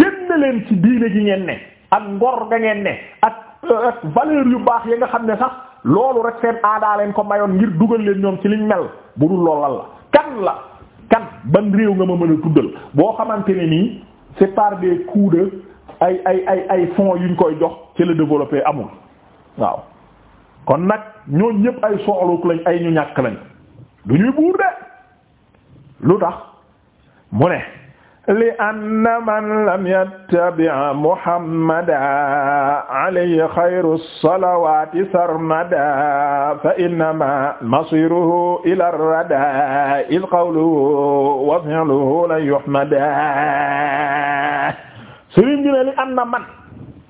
génn leen ci diine gi ngeen ne ak ngor ga ngeen ne ak euh, ak valeur yu baax yi nga xam ne sax loolu rek seen aadaa leen ko mayoon ngir dugal leen ñoom ci liñ mel budul loolal la kan la kan ban réew nga ma mën a boo xamante ne c'est par des coups ay ay ay ay fonds yuñ koy jox ci la développé amul waaw kon nag ñooñ ñëpp ay soxluk lañ ay ñu ñàkk lañ du ñuy buur de lu tax mu ne li anna man lam yattabi' Muhammadan alayhi xayru salawaati sarmadan fa innamaa masiiruhu ilaa radaa iz qawluhu wa fi'luhu lan yuhmadaa. Sëriñ bi ne li anna man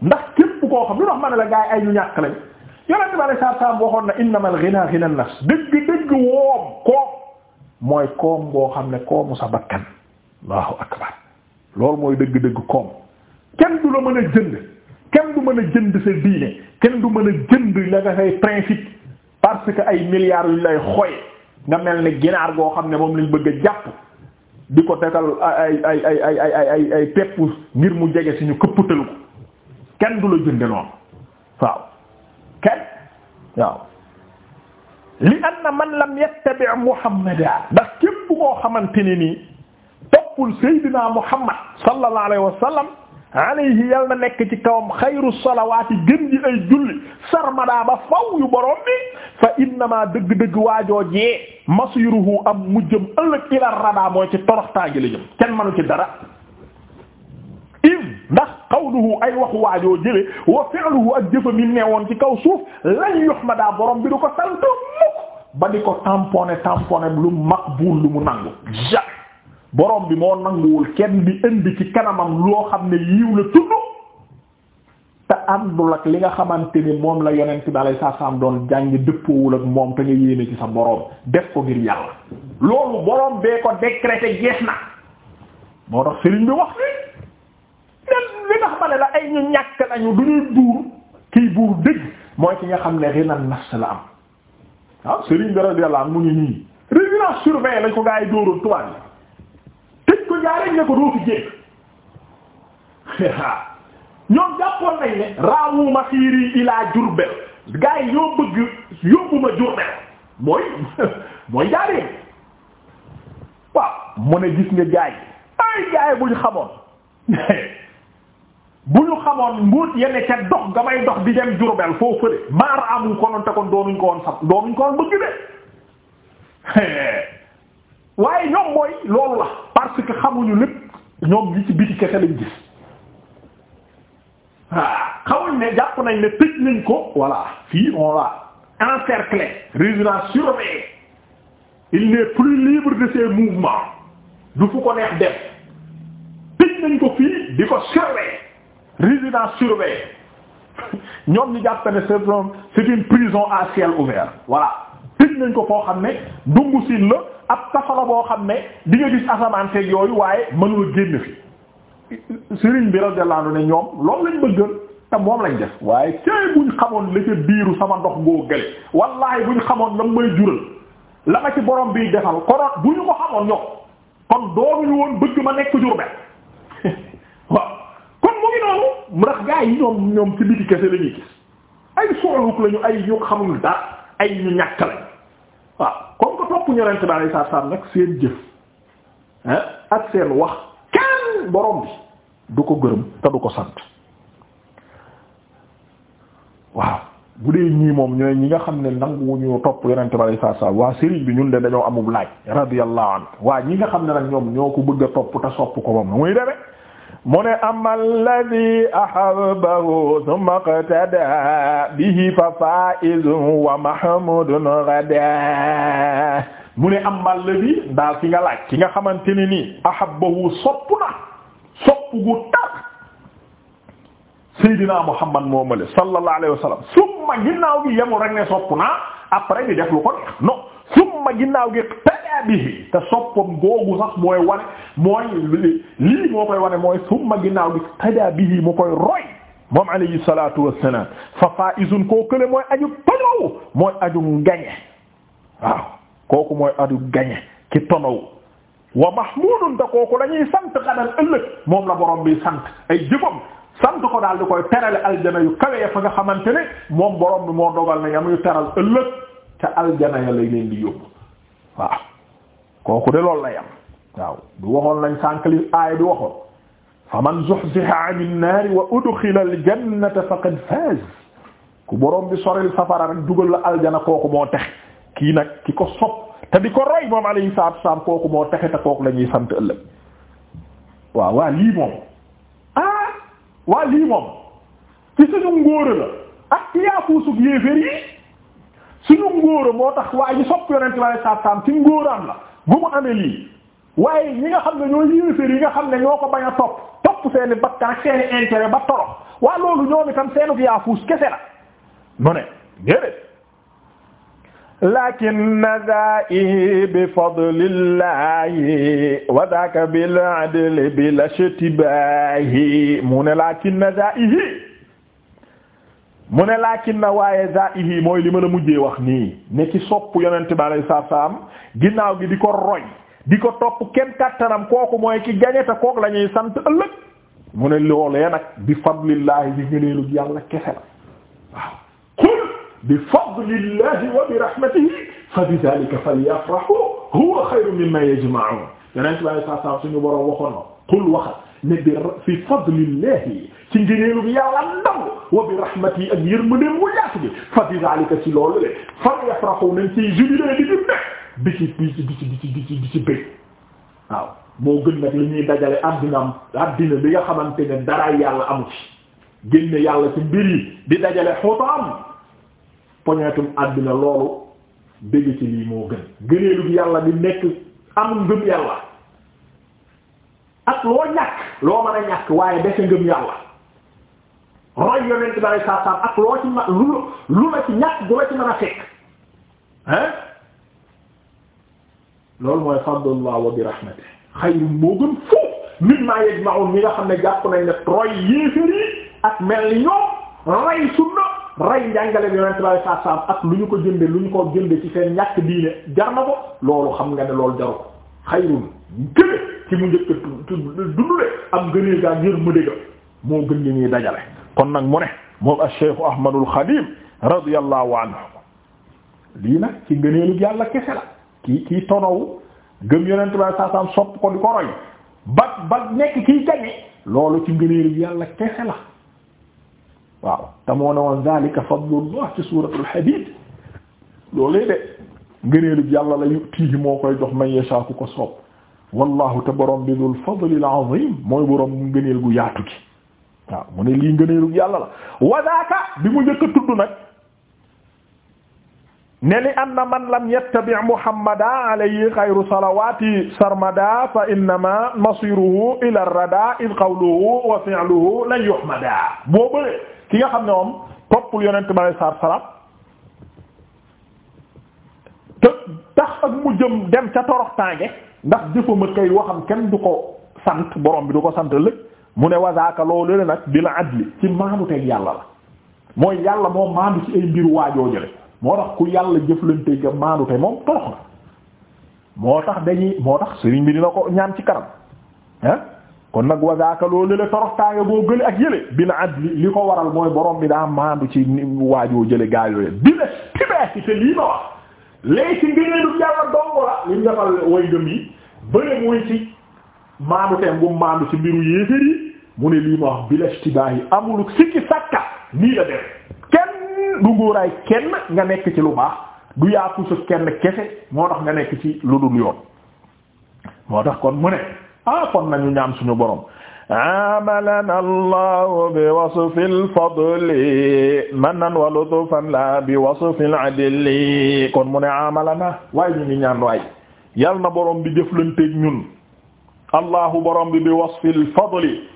ndax képp koo xam lu tax ma ne la gaa yi ay ñu ñàkk lañ Yonent bi alayhi salaam waxoon na innamal ghinaa ghinaa an-nafs dëgg dëgg woom koom mooy koom boo xam ne koomu sa bakkan. allahu akbar loolu mooy dëgg-dëgg koom kenn du la mën a jënd kenn du mën a jënd sa diine kenn du mën a jënd la nga say principe parce que ay milliards yu lay xooy nga mel ni ginaar goo xam ne moom lañ bëgg a jàpp di ko dagal ay ay ay ay ay ay ngir mu jege si ñu këppatal ko kenn du la jënde noonu waaw kenn waaw li anna man lam yattabi' muhammadan ndax képp koo xamante ni nii soppul Seydina Muhammad sallallahu alayhi wa sallam alayhi yal na nekk ci kawam xayru salawaati gën ji ay julli sarmadaa ba faw yu borom bi fa innama dëgg-dëgg waajoojee masiruhu am mujjëm ëllëg ila radaa mooy ci toroxtaa gi la jëm kenn manu ci dara ndax qawluhu ay wax waajoo jële wa fi'luhu ak jëfa neewoon ci kaw suuf lan yuhmada borom bi du ko sant mukk ba di ko tamponné tamponné lu maqbul lu nangu borom bi moo nanguwul kenn bi indi ci kanamam loo xam ne yiw la tudd te àndul ak li nga xamante ni moom la yonent bi alayhi salaam doon jàngi dëppoowul ak moom te nga yéene ci sa borom def ko ngir yàlla loolu borom bee ko décrété jeex na moo tax sëriñ bi wax ni li tax ma ne la ay ñu ñàkk nañu du ñuy buur kii buur dëgg mooy ki nga xam ne rina nafs la am waaw sëriñ bi radiyallahu anhu mu ngi nii régulation surveillée lañ ko gaa yi tubaab yi tëj ko ñaareeg ne ko doo fi génn ñoom jàppoon nañ ne raawuma xiiri ilaa Jurbel gaa yoo bëgg yóbbu ma Jurbel mooy mooy jaaree waaw mu ne gis nga jaay ay jaay bu ñu xamoon bu ñu xamoon mbuut yenn ca dox nga may dox di dem Jurbel foo fële maar amul konoon te kon doonuñ ko woon doonuñ ko woon bëgg de waaye ñoom mooy loolu la parce que xamuñu lépp ñoom li ci biti ke lañ gis ah xamuñ ne jàpp nañ ne tëj nañ ko voilà fii on l'a encerclé résidence surveillée il n'est plus libre de ses mouvements du fu ko neex def tëj nañ ko fii di ko surveiller résidence surveillée ñoom ñu jàpp e c'est une prison à ciel ouvert voilà tëj nañ ko foo xam ne dungu la. ab kafala boo xam ne di nga gis asamaan seeg yooyu waaye mënula génn fi sëriñ bi radiyallahu ne ñoom loolu lañ bëggal te moom lañ def waaye cay buñ xamoon la ca biiru sama ndox ngoo gële wallahi buñ xamoon lam may jural la ma ci borom bii defal konoon bu ñu ko xamoon ñoom kon doonuñu woon bëgg ma nekk jurbe waaw kon mu ngi noonu gaa yi ñoom ñoom ci biti kese la gis ay soxluk lañu ay ñu xamul dara ay ñu ñàkk lañ waaw comme que topp ñorent bi alei saatu salaam nag seen jëf ah ak seen wax kenn borom bi du ko gërëm te du ko sant waaw bu dee ñii moom ñooy ñi nga xam ne nanguwuñu topp yonent bi alayhi salaam waa sëriñ bi ñun de dañoo amub laaj radiyallahu anhu waa ñi nga xam ne nag ñoom ñoo ko bëgg topp te sopp ko moom nu muy deme mu ne amma alladi ahabbahu thumma qtada bihi fa faizun wa mahmudun ghada mu ne amma alladi daal ki nga laaj ki nga xamante ne nii ahabbahu sopp na sopp gu tar Seydina Muhammad moomale sallallahu alayhi wa sallam summa ginnaaw gi yemul rek ne sopp naa après di def lu ko non summa ginnaaw gi tëjee bi te soppam mooy wane moo koy wane mooy summa ginnaaw gi tëjee bi mu koy moom alayhi salaatu wassalaam fa faa'izun koo kële mooy aju tonaw mooy aju ngañe waaw kooku mooy aju gañe ci tonaw wa mahmudun te kooku lañuy sant xanal ëllëg moom la borom bi sant ay jëfam sant ko daal di koy terale aljana yu kawe fa nga xamante ne moom borom bi moo dogal na yamuy teral ëllëg ca aljana ya lay leen di yóbbu waaw kooku de lool lay am waaw du waxoon lañ sànq li aaya bi waxoon fa man zuhziha 'anil naari wa udxila al-jannata faqad faaz ku borom bi soril safara rek dugal la aljana kooku moo texe kii nag ki ko sopp te di ko roy moom alayhi salaatu wassalaam kooku moo texe te kooku la ñuy sant ëllëg waaw waa lii moom ah waa lii moom ci suñu ngóor la ak ci yaafuusug yéeféer yi suñu ngóora moo tax waa ji sopp yonent bi saa saam ci ngóoraam la bu mu amee lii waaye ñi nga xam ne ñoo yi nga xam ne ñoo ko bañ a topp topp seeni bakkan ak seeni intérêt ba toro waa loolu ñoom itam seenu yaafuus kese la mu ne déedéet lakin nadaa'ihi bi fadlillahi wa dhaka bil adli bila shtibaahi mu ne lakin nadaa'ihi mu ne laakin na waaye zaihi mooy li mën a mujjee wax nii ne ci sopp yonente bi alayhi salaam ginnaaw gi di ko roy di ko topp kenn kattanam kooku mooy ki gañe te kook la sant ëllëg mu ne loolee nag bi fadlillahi bi ngëneelu yàlla kese la waaw qul bi fadlillahi wa bi rahmatihi fa bi dhalika falyafrahu huwa khayrun mimma yajma'un yonente bi alayhi salaam suñu boroom waxoon na qul ne bi fi ci ngëneelu bi yàlla nangu wa bi rahmati ak yërmandeem mu yaatu bi fa bi zalika ci loolu le fal yafrahu nañ ciy jubilé di ci bég bi ci bi ci bi ci bi ci bi waaw moo gën nag li ñuy dajale addinaam addina bi nga xamante ne dara yàlla amu ci génne yàlla ci mbir yi di dajale xootaam poñeetum addina loolu bég ci lii moo gën gëneelu bi yàlla di nekk amul ngëm yàlla ak loo ñàkk loo mën a ñàkk waaye dese ngëm yàlla roy yonent bi alayhi ak loo ci ma lu lu la ci ñàkk du ci mën a fekk hein loolu mooy fadlullah wa bi rahmati xayrum moo gën foofu nit maa yajma'un mi nga xam ne jàpp nañ ne roy yéefér yi ak mel ni ñoom rey sunna rey njàngale yonent bi alayhi ak lu ñu ko jënde lu ñu ko jënde ci seen ñàkk diine jar na ko loolu xam nga ne loolu jaru ko xayrum gëne ci mu njëkk dundule am gënee gaa ngir mu dégga moo gën li ñuy dajale kon nag mu ne moom ash-Shaykh Ahmadul Xadim radiyallahu anhu lii nag ci ngëneelu yàlla kese la kii kii tonaw gëm yonent ba saa saam sopp ko di ko roy ba ba nekk kiy jage loolu ci ngëneelu yàlla kese la waaw te moo ne woon zalika fadlullah ci suuratul Hadiid loolee de ngëneelu yàlla la yu'tiihi moo koy jox man yashaa ku ko sopp wallahu te borom bi dul fadlil azim mooy borom ngëneel gu yaatu gi. waaw mu ne lii ngëneelu yàlla la wadaaka bi mu njëkk a tudd nag ne li anna man lam yattabi' muhammada alayhi xayru salawati sarmada fa innama masiruhu ila ar-rada id qawluhu wa fi'luhu lan yuhmada boo bëree ki nga xam ne moom toppul yonent bi alei salaatu salaam te tax ak mu jëm dem ca torox tànge ndax jëfama kay waxam kenn du ko sant borom bi du ko sant lëg mu ne wazaaka loolu le nag bil adli ci maandu yàlla la mooy yàlla moo maandu ci ay mbir waajoo jële moo tax ku yàlla jëflante ga maandu te moom torox na moo tax dañuy moo tax sëriñ bi dina ko ñaan ci kanam ah kon nag wazaaka loolu le torox taanga boo gële ak yële bil adli li ko waral mooy borom bi daa maandu ci waajoo jële gaa yooyu dina tibee te lii ma wax léegi ci ngëneelu yàlla dongo la li mu way gëm yi bëre mooy ci maandu bu maandu mu ne lii ma wax bila ishtibaahi amul sikki sakka nii la kenn du ngóoraay kenn nga nekk ci lu baax du yaaku sa kenn kese moo tax nga nekk ci lu dul yoon moo tax kon mu ne ah kon nañu ñaan suñu borom amalana allah bi wasfi alfadli manan wa lutfan la bi wasfi aladli kon mu ne amalana waaye ñu ngi ñaan waay yal na borom bi jëflanteeg ñun allahu borom bi bi wasfi alfadli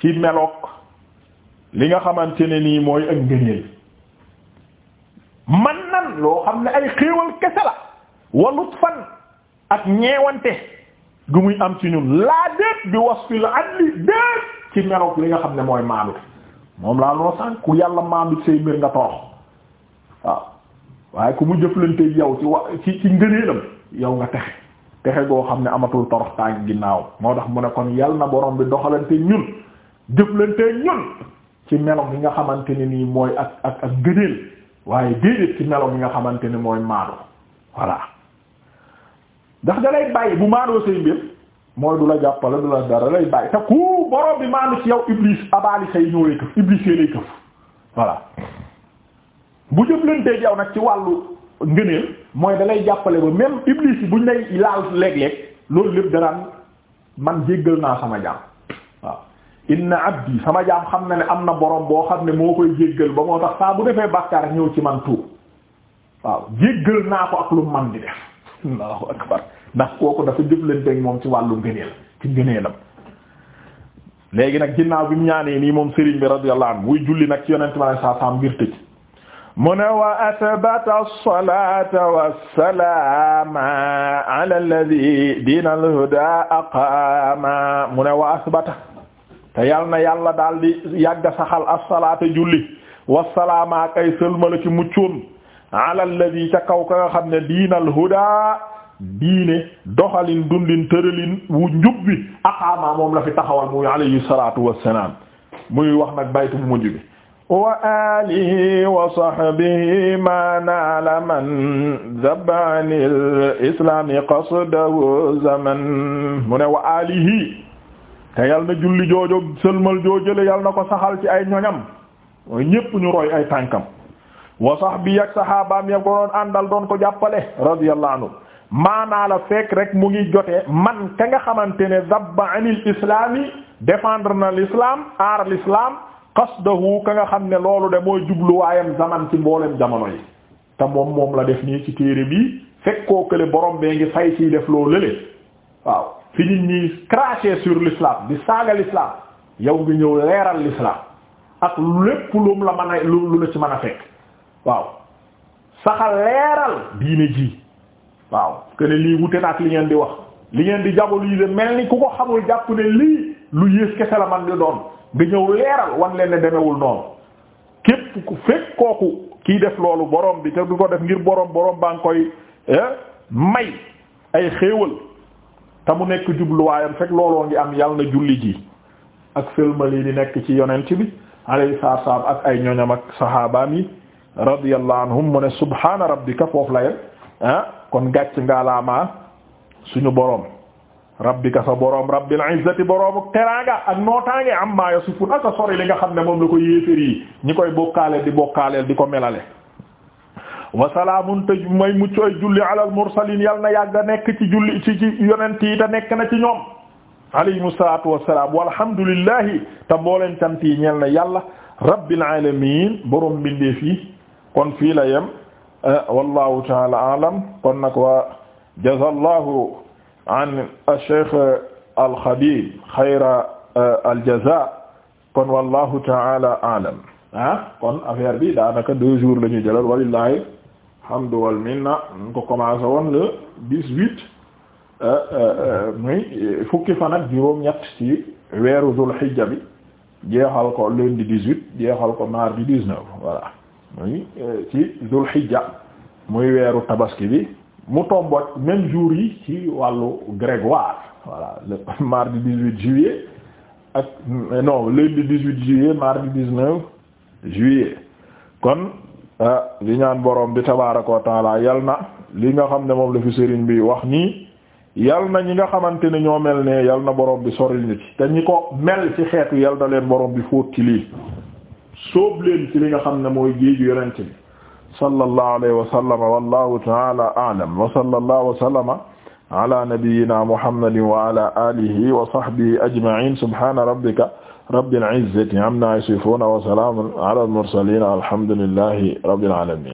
ci meloog li nga xamante ne nii mooy ak ngëneel man nan loo xam ne ay xéewal kese la walut fan ak ñeewante gu muy am ci ñun laa déet bi wasfil adli déet ci meloog li nga xam ne mooy maandu moom laa loo sànq ku yàlla maandu say mbir nga torox waaw waaye ku mu jëflanteeg yaw ci wa ci ci ngëneelam yow nga texe texe goo xam ne amatul torox tàng ginnaaw moo tax mu ne kon yàlla na borom bi doxalante ñun jëflantee ñun ci melo bi nga xamante ne nii mooy ak ak ak waaye déedéet ci melo bi nga xamante ne mooy maado voilà ndax da lay bàyyi bu maadoo say mbir mooy du la jàppale du la dara lay bàyyi te ku borom bi maanu ci yow iblis abaali say ñoo lay këf iblis yee lay këf voilà bu jëflantee yow nag ci wàllu ngëneel mooy da lay jàppale ba même iblis yi buñ lay laal léeg-léeg loolu lépp danaan man jéggal naa sama jàmm waaw inna abdi sama jaam xam na ne am na borom boo xam ne moo koy jéggal ba moo tax saa bu defee bàkkaar ñëw ci man tuub waaw jéggal naa ko ak lu man di def allahu akbar ndax kooku dafa jëflanteeg moom ci wàllu ngëneel ci ngëneelam léegi nag ginnaaw bi mu ñaanee nii moom Serigne bi radiyallahu anhu muy julli nag ci yonent ma ne saa saam ngir mu ne wa asbata as-salata was-salama ala alladhi dina al-huda aqama mu ne wa asbata te yal na yàlla daal di yàgg saxal as-salaata julli wassalaama ak ay sëlmala ci muccoon ala alladhi ca kaw ka nga xam ne diinal huda diine doxalin dundin tëralin wu njub bi aqaamaa moom la fi taxawal muy alayhi salaatu wassalaam muy wax nag baytu bu mujj bi wa alihi wa sahbihi ma naala man zabbanil islami qasdahu zaman mu ne wa alihi te yal na julli joojo sëlmal joojale yal na ko saxal ci ay ñoñam mooy ñépp ñu roy ay tànkam wa sahbi ak sahabaam ya ko doon àndal doon ko jàppale radiyallahu anhu maanaa la fekk rek mu ngi jotee man ka nga xamante ne zabba anil islam yi défendre na l'islam aar l'islam qasdahu ka nga xam ne loolu de mooy jubluwaayam zaman ci mboolem jamono yi te moom moom la def nii ci téere bii fekk koo kële bee ngi fay ciy def loo lële waaw fi nit ñi cracher sur l'islam di saaga l'islam yow nga ñëw leeral l'islam ak lépp lum la mën a lu la ci mën a fekk waaw saxa leeral diine ji waaw que ne lii wute na ak li ngeen di wax li ngeen di yii diaboliser mel ni ku ko xamul jàpp ne lii lu yées kese la man di doon nga ñëw leeral wan leen ne demewul noonu képp ku fekk kooku kiy def loolu boroom bi te du ko def ngir borom baa ngi koy eh, may ay xéewal te mu nekk jubluwaayam fekk looloo ngi am yàlla na julli ji ak sëlmali di nekk ci yonent bi alayhi salaam ak ay ñoñam ak sahabaam yi radiyallahu anhum mu ne subhaana rabbika foofu la yen ah kon gàcc ngaalaamaa suñu boroom rabbika sa boroom rabbil izzati boroomu teraanga ak nootaange amma yasifun aka sori li nga xam ne moom la ko yéeféer yi ñi koy bokkaale di bokkaaleel di ko melale wa salaamun tëj may mucc ay julli alal mursaliin yal na yàgg a nekk ci julli ci ci yonent yi te nekk na ci ñoom alayhimu salaatu wa salaam walhamdulillahi te mbooleen cant yi ñeel na yàlla rabbil aalamiin borom mbindeef yi kon fii la yem eh, wallahu taala aalam kon nag waa jazallahu an ash-shaykh al-Khadim xayra eh, al-jazaa kon wallahu taala aalam ah kon affaire bi daanaka deux jours la ñu jëlal walillahi hamdu wal minna ñu ko commencé woon le dix-huit euh, euh, euh, muy fukki fan ak juróom-ñett ci weeru Dul Hijja bi jeexal ko lundi dix-huit jeexal ko mardi dix-neuf voilà muy ci Dul muy weeru tabaski bi mu tomboot même jour yi ci wàllu grégoire voilà le mardi dix-huit juillet ak non lundi dix-huit juillet mardi dix-neuf juillet kon li ah, ñaan boroom bi tabaaraka wa taala yal na li nga xam ne moom la fi sëriñ bi wax nii yal na ñi nga xamante ne ñoo mel ne yal na borom bi soril ñu ci te ñi ko mel ci xeetu yal na leen boroom bi fóot ci lii leen ci li nga xam ne mooy géeju yonent bi sallallahu alayhi wa sallam wallahu taala a'lam wa sallallahu wa sallama ala nabiyyina muhammadin wa ala alihi wa sahbihi ajma'in subhana rabbika rabbil izzati amma yasifun wa salamun ala al mursalin alhamdulillahi rabbil alamin